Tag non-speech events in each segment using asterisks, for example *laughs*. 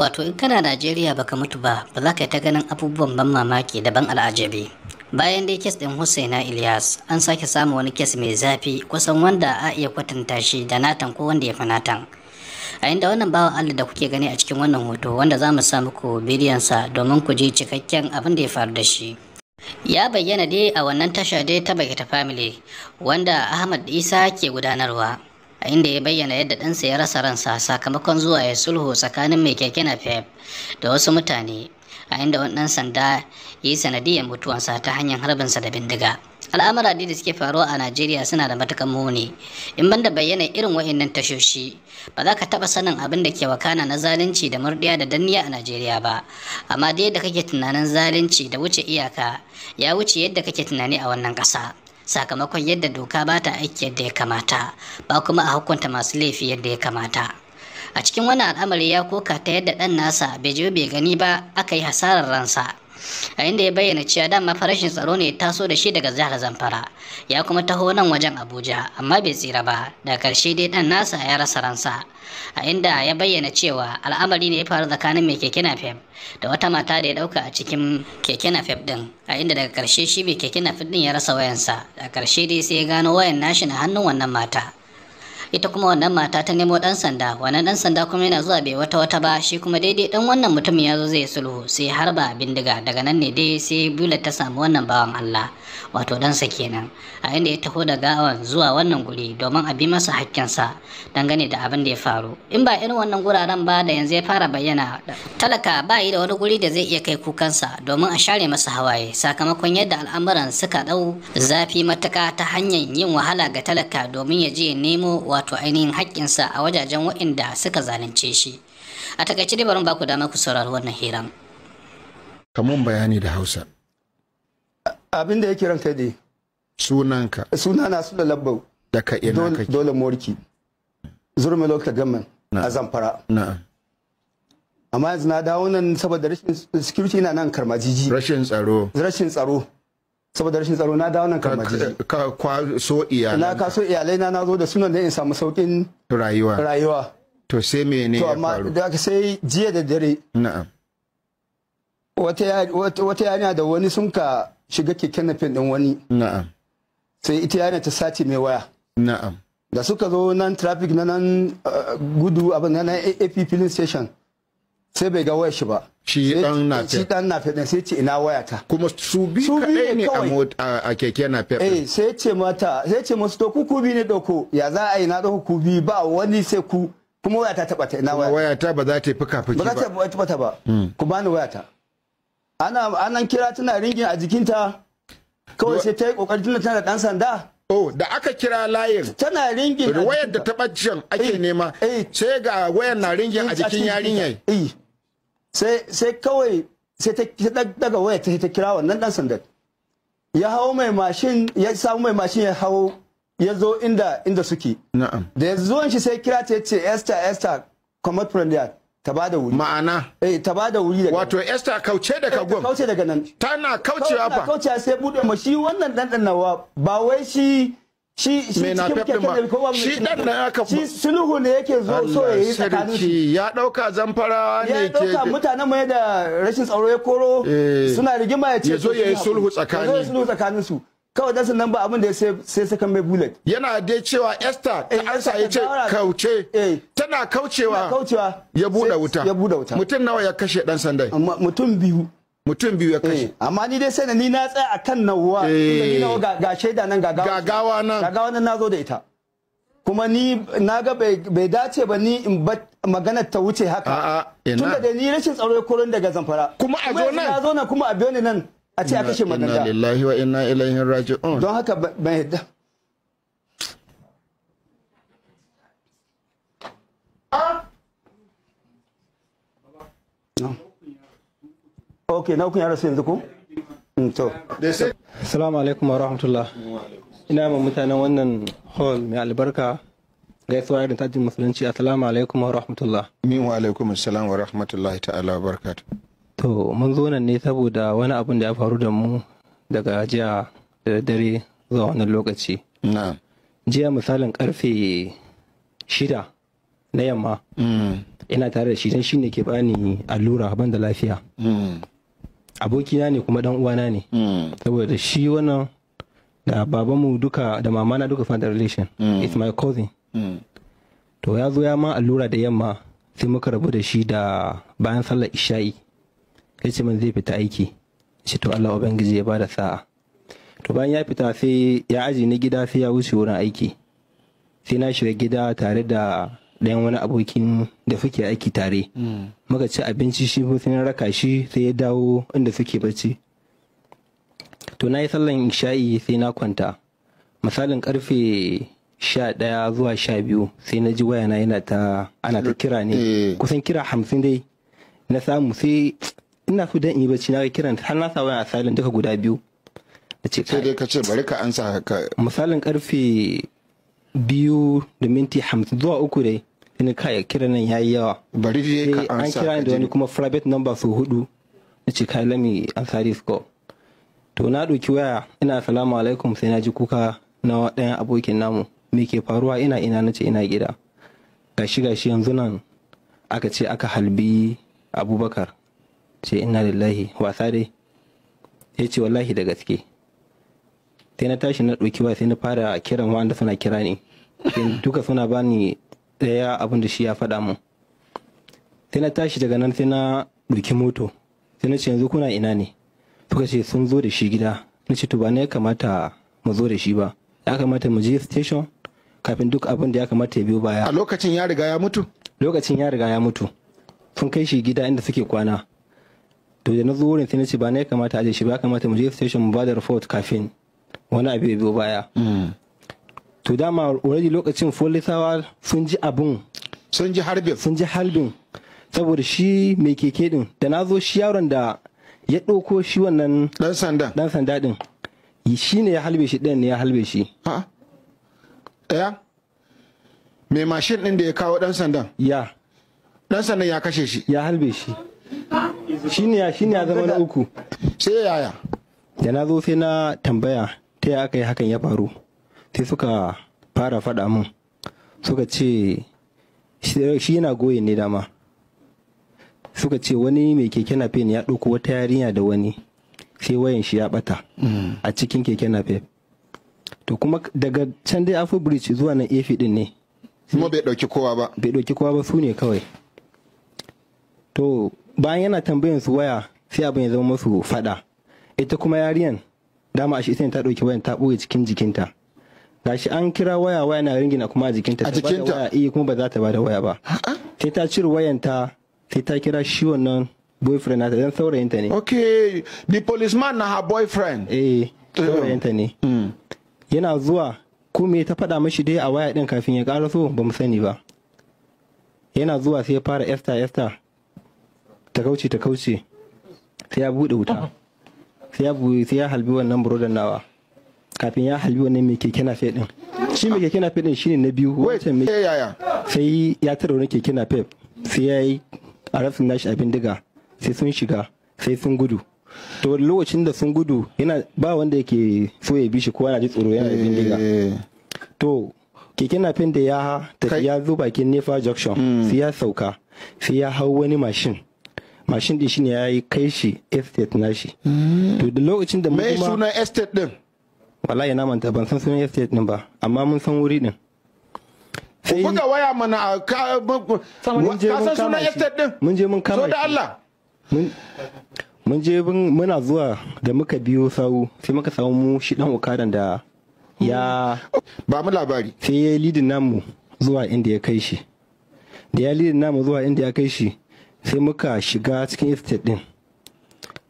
wato in kana najeriya baka mutu ba ba za ka ta ganin abubuwan ban mamaki daban al'ajabi bayan dai kes din husaina ilyas an sake samun wani kes mai zafi kusan wanda a iya kwatanta shi da natan ko wanda ya fi natan a inda wannan bawan allah da kuke gani a cikin wannan hoto wanda za mu sa muku bidiyonsa domin ku je cikakken abin da ya faru da shi ya bayyana dai a wannan tasha dai ta bakita family wanda ahmad isa ke gudanarwa a inda ya bayyana yadda ɗansa ya rasa ransa sakamakon zuwa ya sulhu tsakanin mai keke napep da wasu mutane a inda wani sanda ya yi sanadiyar mutuwansa ta hanyar harbinsa da bindiga al'amura da suke faruwa a najeriya suna da matukan muni in ban da bayyana irin wa'annan tashoshi ba za ka taɓa sanin abin da ke wakana na zalunci da murɗiya da danniya a najeriya ba amma da yadda kake tunanin zalunci da wuce iyaka ya wuce yadda kake tunani a wannan ƙasa sakamakon yadda doka ba ta aiki yadda ya kamata ba kuma a hukunta masu laifi yadda ya kamata a cikin wannan al'amari ya koka ta yadda ɗan nasa bai je bai gani ba aka yi hasarar ransa a inda ya bayyana cewa dama farashin tsaro ne taso da shi daga jihar zamfara ya kuma taho nan wajen abuja amma bai tsira ba da karshe dai dan nasa ya rasa ransa a inda ya bayyana cewa al'amari ne ya faru tsakanin mai keke nafef da wata mata da ya dauka a cikin keke nafef din a inda daga karshe shi mai keke napep din ya rasa wayansa a karshe dai sai ya gano wayan nashi na hannun wannan mata ita kuma wannan mata ta nemo dan sanda wannan dan sanda kuma yana zuwa bai wata wata ba shi kuma daidai dan wannan mutumin ya zo zai sulhu sai harba bindiga daga nan ne dai sai Bula ta samu wannan bawan Allah wato sa kenan a inda ya taho da gawan zuwa wannan guri domin a bi masa hakkinsa dangane da abin da ya faru in ba irin wannan guraren ba da yanzu ya fara bayyana talaka ba yi da wani guri da zai iya kai kukansa domin a share masa hawaye sakamakon yadda al'amuran suka dau zafi matuka ta hanyar yin wahala ga talaka domin ya je nemo wa wato ainihin haƙƙinsa a wajajen waɗanda suka zalunce shi a takaice dai bari baku dama ku saurari wannan hiran kamun bayani da hausa abin da yake ranka dai sunanka sunana sula labbau daga ina kake dole morki zurmi lokacin gaman a zamfara na'am amma yanzu na dawo nan saboda rashin security na nan karmajiji rashin tsaro rashin tsaro saboda rashin tsaro na dawo nan kamaji ka so iyalai na so iyalai na na zo da sunan da in samu saukin rayuwa rayuwa to sai ne ya faru to amma da sai jiya da dare na'am wata yana da wani sun ka shiga keken nafin din wani na'am sai ita yana ta sace mai waya na'am da suka zo nan traffic na nan eh, gudu abin na nan AP filling station sai bai ga waya shi ba shi dan na fe shi dan na fe sai ce ina wayata kuma su bi kadai ne a mota a keke na fe eh sai ce mata sai ce musu to ku ku bi ne dauko ya za a yi na dauko ku bi ba wani sai ku kuma wayata ta bata ina wayata wayata ba za ta yi fuka fuki ba ba za ta ta ba hmm. ku waya wayata ana anan kira tana ringin a jikinta kawai sai ta yi kokarin tana dan sanda Oh, da aka kira layin. Tana ringin. Wayar da ta bacin ake eh, nema. Eh. Sai ga wayar na ringin a jikin yarinyar. Eh. Sai sai kawai sai ta daga wayar ta kira wannan dan sandan. Ya hawo mai mashin, ya samu mai mashin ya hawo ya zo inda inda suke. Na'am. Da ya zo shi sai kira ta yace Esther Esther Comot from there. ta bada wuri ma'ana eh ta bada wuri daga wato Esther kauce daga eh, gwam kauce daga nan tana kaucewa ta kaucewa sai bude ma shi wannan dan dan nawa ba wai shi shi shi shi dan nan aka shi sulhu ne yake zo so ya yi tsakanin shi ya dauka zamfara ne ke ya dauka mutanen mai da rashin tsaro ya koro eh. suna rigima ya ce yayi sulhu tsakani yi sulhu tsakanin su kawai dan sannan ba abin da ya sai saka mai bullet yana dai cewa Esther ta eh, ansa ya ce kauce eh. tana kaucewa ya bude wuta mutum nawa ya kashe dan sandai mutum biyu mutum biyu ya eh, kashe amma ni dai sai ni na tsaya akan nawa ni nawa ga shaida nan gagawa. nan gagawa nan nazo da ita kuma ni na ga bai dace ba ni in ba maganar ta wuce haka tunda da ni rashin tsaro ya koron daga zamfara kuma a zo nan kuma a biyo ni nan a ce a kashe maganga inna lillahi wa inna ilaihi raji'un don haka ban yadda ok na hukun yara su yanzu ko? Mm, to assalamu alaikum wa rahmatullah ina ma mutanen wannan hall mai albarka gaisuwa irin tajin musulunci assalamu alaikum wa rahmatullah min wa alaikum assalam wa rahmatullahi ta'ala wa barakatuh To mun zo nan ne saboda wani abun da ya faru da mu daga jiya da dare zuwa wannan lokaci. Jiya misalin karfe shida na yamma. Mm. Ina tare da shi don shi ne ke bani allura ban da lafiya. Mm. Abokina ne kuma dan uwana ne. Mm. Saboda shi wannan da babanmu duka da mamana duka fan da relation. It's my cousin. To ya zo ya ma allura da yamma sai muka rabu da shi da bayan sallar isha'i. ya ce min zai fita aiki shi to Allah ubangiji ya bada sa'a to bayan ya fita sai ya aji ni gida sai ya wuce wurin aiki sai na shiga gida tare da ɗayan wani abokin da suke aiki tare hmm. muka ci abinci shi ko sai na raka shi sai ya dawo inda suke bacci to na yi sallan isha'i sai na kwanta misalin karfe sha ɗaya zuwa sha biyu sai na ji wayana yana ta ana ta kira ne eh. kusan kira hamsin dai na samu sai ina so dan in yi bacci na ga kiran har na sa wayan asalin duka guda biyu da ce sai dai ka ce bari ka ansa ka misalin karfe biyu da minti hamsin zuwa uku dai ina kai kiran nan yayi yawa bari dai ka ansa an kira da wani kuma private number su hudu na ce kai lami ansa this call to na ɗauki waya ina salamu alaikum sai na ji kuka na ɗayan abokin namu me ke faruwa ina ina na ce ina gida gashi gashi yanzu nan aka ce aka halbi abubakar ce inna lillahi wasa dai ya ce wallahi da gaske sai na tashi na ɗauki ba sai na fara kiran wanda suna kira ni duka suna bani ɗaya abin da shi ya faɗa mu. sai na tashi daga nan sai na ɗauki moto sai na ce yanzu kuna ina ne suka ce sun zo da shi gida na ce to ba ne ya kamata mu zo da shi ba ya kamata mu je station kafin duk abin da ya kamata ya biyo baya a lokacin ya riga ya mutu lokacin ya riga ya mutu sun kai shi gida inda suke kwana to da na zo wurin sai na ce ba na ya kamata aje shi ba kamata mu je station mu ba da report kafin wani abu ya biyo baya mm. to dama already lokacin folisawa sun ji abun sun ji harbin sun ji harbin saboda shi mai keke din da na zo shi yaron da ya ɗauko shi wannan dan sanda dan sanda din shi ne ya halbe shi ɗan ne ya halbe shi a'a ɗaya mai mashin ɗin da ya kawo ɗan sandan ya ɗan sandan ya kashe shi ya halbe shi shine ya shine ya zama na uku sai yaya da na zo sai na tambaya ta aka yi hakan ya faru sai suka fara faɗa mun suka ce shi yana goye ne dama suka ce wani mai keke nafe ne ya ɗauko wata yarinya da wani sai wayan shi ya ɓata mm. a cikin keke nafe to kuma daga can dai afro bridge zuwa nan efi din ne kuma bai ɗauki kowa ba bai ɗauki kowa ba su ne kawai to bayan yana tambayan su waya sai abin ya zama musu fada ita kuma yariyan dama a shi sai ta dauki wayan ta ɓoye cikin jikinta gashi an kira waya waya na ringina kuma a jikinta a jikinta waya iya eh, kuma ba za ta bada waya ba sai ta cire wayanta sai ta kira shi wannan boyfriend nata dan saurayinta ne okay the policeman na her boyfriend eh, eh. saurayinta ne hmm. yana zuwa ko me ta faɗa mashi dai a waya din kafin ya ƙara so ba mu sani ba yana zuwa sai ya fara esta esta ta kauce ta kauce sai ya bude wuta sai ya sai ya halbi wannan burodan nawa kafin ya halbi wannan mai keke na fedin shi mai keke na fedin shine na biyu wancan mai eh, sai ya tara wani keke nafe sai ya yi a rafin nashi a bindiga sai sun shiga sai sun gudu to lokacin da sun gudu yana ba wanda yake so ya bi shi ko yana ji tsoro yana eh. bindiga to keke fedin da ya tafi ya zo bakin nefa junction mm. sai ya sauka sai ya hau wani mashin mashin din shine ya yi kai shi estate nashi to da lokacin da mai sunan estate din wallahi na manta ban san sunan estate din ba amma mun san wuri din sai buga waya mana a ka san sunan estate din mun je mun kama so da Allah mun je muna zuwa da muka biyo sawu sai muka samu mu shi dan ukadan da ya ba mu labari sai ya lidin namu zuwa inda ya kai shi da ya lidin namu zuwa inda ya kai shi sai muka shiga cikin estate din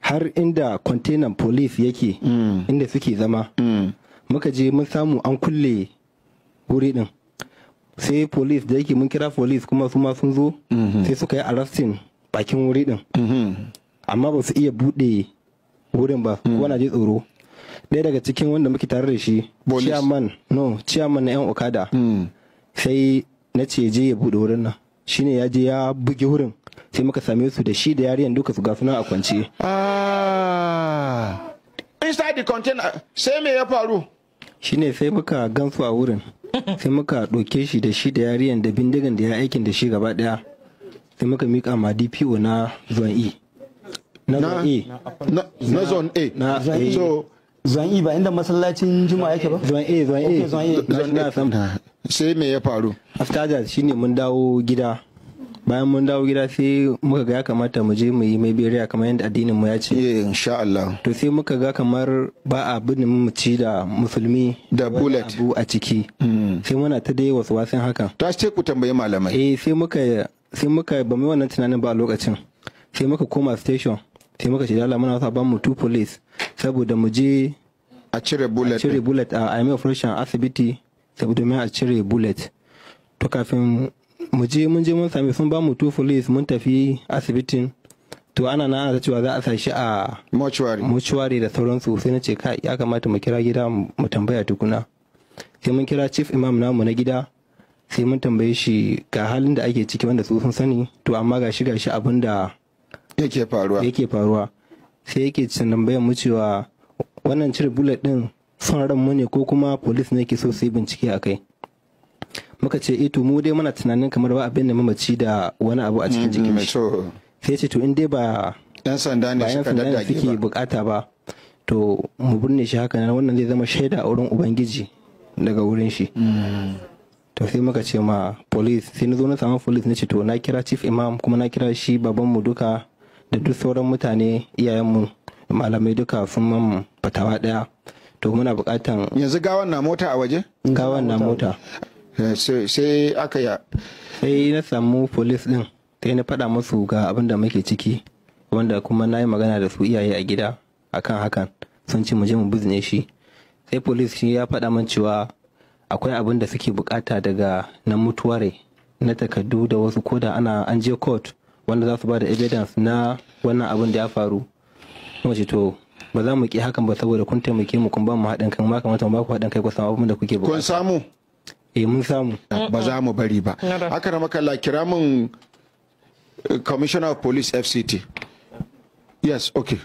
har inda container police yake mm. inda suke zama mm. muka je mun samu an kulle wuri din sai police da yake mun kira police kuma su ma sun zo mm-hmm. sai suka yi arresting bakin wuri din mm-hmm. amma ba su iya buɗe wurin ba mm. wani je tsoro ɗaya daga cikin wanda muke tare da shi chairman no chairman na yan okada sai na ce je ya buɗe wurin nan shine ya je ya bugi wurin sai muka same su da shi da yariyan duka su gasu a kwance ah! inside the container sai me ya faru shine sai muka gansu a wurin sai muka ɗauke shi da shi da yariyan da bindigan da ya aikin da shi gaba ɗaya sai muka mika ma dpo na zon e na zon e na zon e na so zone e ba inda masallacin juma'a yake ba zon e zon e zon e sai me ya faru after that shine mun dawo gida bayan mun dawo gida sai muka ga ya kamata mu je mu yi mai beriya kamar yadda addinin mu ya ce insha Allah to sai muka ga kamar ba a bin mu ci da musulmi da bullet abu a ciki hmm. sai muna ta dai wasu wasan haka ta ce ku tambayi malamai eh sai muka sai muka ba mu wannan tunanin ba a lokacin sai muka koma station sai muka ce da Allah muna wasa ban mu two police saboda mu je a cire bullet a cire bullet a mai operation asibiti saboda mai a cire bullet to kafin mu je mun je mun sami sun ba mu police mun tafi asibitin to ana na ana cewa za a sa shi a mortuary mortuary da sauransu sai na ce kai ya kamata mu kira gida mu tambaya tukuna sai mun kira chief imam namu na gida sai mun tambaye shi ga halin da ake ciki wanda su sun sani to amma ga shi ga shi abin da yake faruwa yake faruwa sai yake tambayar mu cewa wannan cire bullet din son ran mu ne ko kuma police ne ke so su yi bincike a kai muka ce ito eh mu dai muna tunanin kamar ba abin da mamaci da wani abu a cikin mm-hmm, jikin shi sai ce to in dai ba yan sanda ne suka daddake ba bukata ba to mu burne shi haka nan wannan zai zama shaida a wurin ubangiji daga wurin shi mm-hmm. to sai muka ce ma police sai na zo na samu police na ce to na kira chief imam kuma na kira shi baban mu duka da duk sauran mutane iyayenmu malamai duka sun man fatawa daya to muna bukatan yanzu gawan na mota a waje gawan na mota Eh, sai aka ya sai na samu polis din ta na faɗa musu ga abin da muke ciki wanda kuma na yi magana da su iyaye a gida akan hakan sun ce mu je mu buzne shi sai polis shi ya fada min cewa akwai abin da suke bukata daga na mutuware na takardu da wasu koda ana an je court wanda za su ba da evidence na wannan abin da ya faru wace to ba za mu ki hakan ba saboda kun taimake mu kun ba mu haɗin kai ma kamata mu ba ku haɗin kai ku samu abin da kuke bukata kun samu eh mun samu ba za mu bari ba haka na makalla kira mun eh, commissioner of police fct yes okay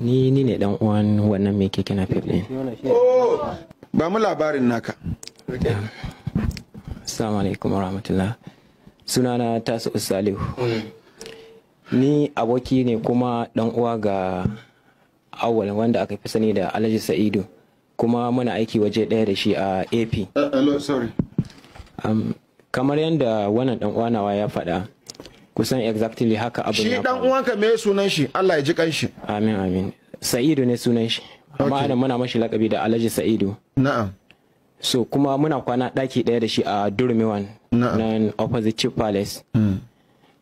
ni ni ne dan uwan wannan mai keke na din oh! ba mu labarin naka ah. assalamu alaikum warahmatullah sunana tasu salihu mm. ni aboki ne kuma dan uwa ga awal wanda aka fi sani da alhaji sa'idu kuma muna aiki waje ɗaya da shi a AP. Uh, um, kamar yadda wannan dan uwanawa ya faɗa kusan exactly haka abin shi dan uwanka me sunan shi Allah ya ji kanshi amin amin sa'idu ne sunan shi amma ana muna mashi lakabi da alhaji sa'idu na'am so kuma muna kwana ɗaki ɗaya da shi a durmiwan nan opposite chief palace hmm.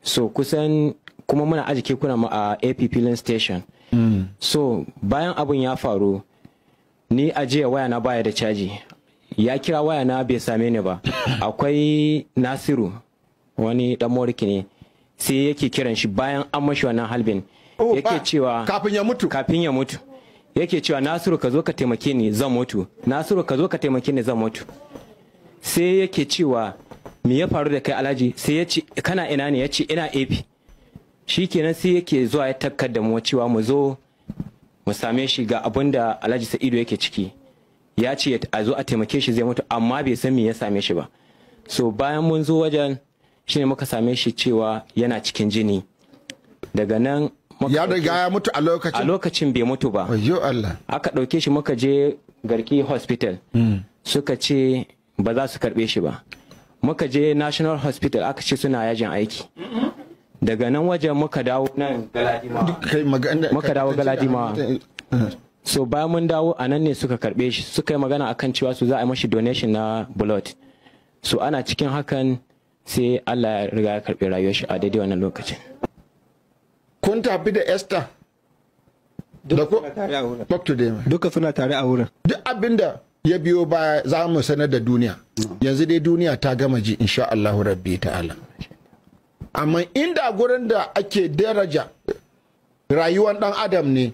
so kusan kuma muna aji kekuna mu a AP Filling Station. Mm. So bayan abun ya faru ni a jiya waya na baya da caji ya kira waya na bai same ni ba *laughs* akwai nasiru wani dan moriki ne sai yake kiran shi bayan an mashi wannan halbin oh, yake cewa kafin ya mutu kafin ya mutu yake cewa nasiru ka zo ka taimake ni zan mutu nasiru ka zo ka taimake ni zan mutu sai yake cewa me ya faru da kai alhaji sai ya ce kana ina ne ya ce ina efi shikenan sai yake zuwa ya takkar da mu cewa mu zo mu same shi ga abin da alhaji sa'idu yake ciki ya ce a zo a taimake shi zai mutu amma bai san me ya same shi ba so bayan mun zo wajen shine muka same shi cewa yana cikin jini daga nan ya riga ya mutu a lokacin a lokacin bai mutu ba ayyo Allah aka dauke shi muka je garki hospital hmm. suka ce ba za su karbe shi ba muka je national hospital aka ce suna yajin aiki daga nan wajen muka dawo nan muka dawo galadima so bayan mun dawo a nan ne suka karbe shi suka yi magana akan cewa su za a yi mashi donation na blood so ana cikin hakan sai allah ya riga ya karbe rayuwar shi a daidai wannan lokacin kun tafi da esther duka suna tare a wurin duk abinda ya biyo baya za mu sanar da duniya yanzu dai duniya ta gama ji insha Allah rabbi ta'ala amma inda gurin da ake daraja rayuwar dan adam ne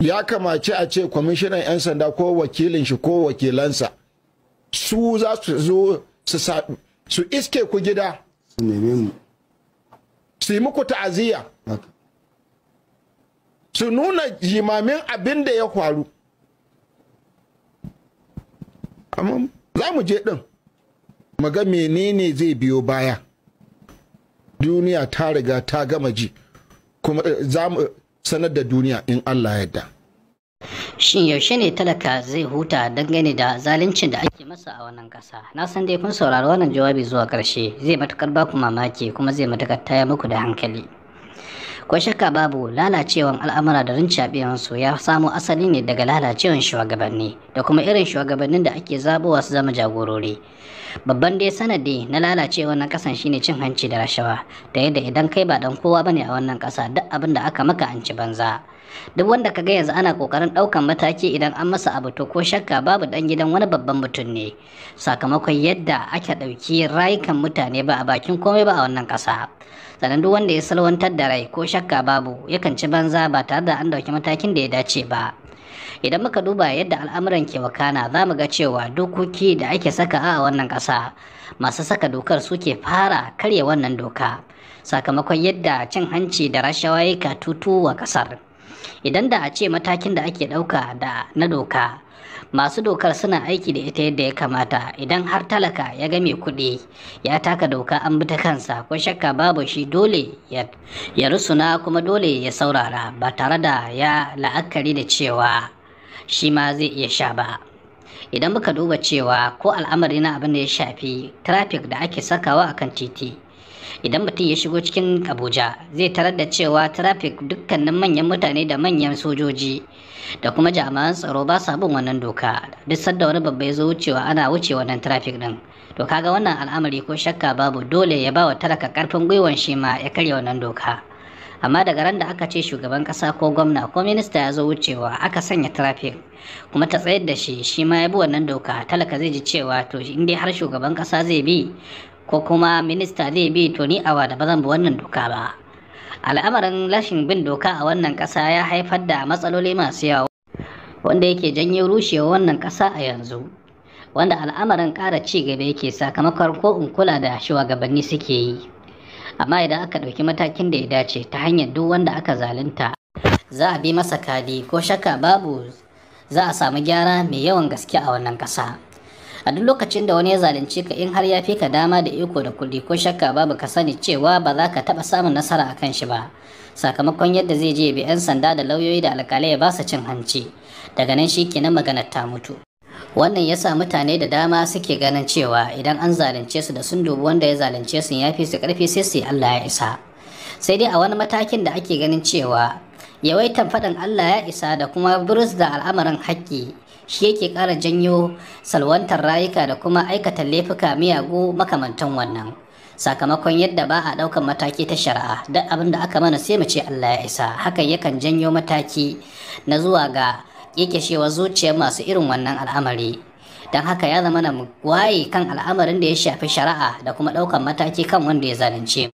ya kamace a ce kwamishinan 'yan sanda ko wakilin shi ko wakilansa su za su zo su iske ku gida su yi muku ta'aziyya su nuna jimamin abin da ya faru amma za mu je din maga menene zai biyo baya duniya ta riga ta gama ji kuma eh, za mu sanar da duniya in Allah yadda Shin yaushe ne talaka zai huta dangane da zaluncin da ake masa a wannan kasa? Na san dai kun saurari wannan jawabi zuwa ƙarshe zai matukar baku mamaki kuma zai matukar taya muku da hankali. ko shakka babu lalacewan al'amura da su ya samo asali ne daga lalacewan shugabanni da kuma irin shugabannin da ake zabowa su zama jagorori babban dai sanadi na lalacewa na kasan shine cin hanci da rashawa da yadda idan kai ba dan kowa bane a wannan ƙasa duk abin da aka maka an ci banza duk wanda ka ga yanzu ana kokarin daukan mataki idan an masa abu to ko shakka babu dan gidan wani babban mutum ne sakamakon yadda ake dauki rayukan mutane ba a bakin komai ba a wannan kasa sannan duk wanda ya salwantar da rai ko shakka babu yakan ci banza ba tare da an dauki matakin da ya dace ba idan muka duba yadda al'amuran ke wakana za mu ga cewa dokoki da ake saka a wannan kasa masu saka dokar suke fara karya wannan doka sakamakon yadda cin hanci da rashawa ya ka tutu wa kasar idan da a ce matakin da ake ɗauka da na doka masu dokar suna aiki da ita yadda ya kamata idan har talaka ya ga mai kuɗi ya taka doka an bi ta kansa ko shakka babu shi dole ya rusuna kuma dole ya saurara ba tare da ya la'akari da cewa shi ma zai iya sha ba idan muka duba cewa ko al'amari na abin da ya shafi trafik da ake sakawa akan titi idan mutum ya shigo cikin abuja zai tarar da cewa trafik dukkanin manyan mutane da manyan sojoji da kuma jami'an tsaro ba sa bin wannan doka duk sadda wani babba ya zo wucewa ana wuce wannan trafik din to kaga wannan al'amari ko shakka babu dole ya ba wa talaka karfin gwiwan shi ma ya karya wannan doka amma daga ran da aka ce shugaban kasa ko gwamna ko minista ya zo wucewa aka sanya trafik kuma ta tsayar da shi shi ma ya bi wannan doka talaka zai ji cewa to in dai har shugaban kasa zai bi ko kuma minista zai bi to ni awa da bazan bi wannan doka ba al'amarin lashin bin doka a wannan ƙasa ya haifar da matsaloli masu yawa wanda yake janyo rushewa wannan ƙasa a yanzu wanda al'amarin ƙara ci gaba yake sakamakon ko in kula da shugabanni suke yi amma idan aka ɗauki matakin da ya dace ta hanyar duk wanda aka zalunta za a bi masa kadi ko shaka babu za a samu gyara mai yawan gaske a wannan ƙasa. a duk lokacin da wani ya zalunce ka in har ya fi ka dama da iko da kuɗi ko shakka babu ka sani cewa ba za ka taɓa samun nasara a kan shi ba sakamakon yadda zai je bi 'yan sanda da lauyoyi da alƙalai ya ba su cin hanci daga nan shi na maganar ta mutu wannan ya sa mutane da dama suke ganin cewa idan an zalunce su da sun dubi wanda ya zalunce su ya fi su karfi sai su Allah ya isa sai dai a wani matakin da ake ganin cewa yawaitan faɗin Allah ya isa da kuma burus da al'amarin haƙƙi shi yake ƙara janyo salwantar rayuka da kuma aikata laifuka miyagu makamantan wannan sakamakon yadda ba a ɗaukan mataki ta shari'a duk abin da aka mana sai mu ce Allah ya isa hakan yakan janyo mataki na zuwa ga ƙeƙeshewar zuciyar masu irin wannan al'amari don haka ya zama na waye kan al'amarin da ya shafi shari'a da kuma ɗaukan mataki kan wanda ya zalunce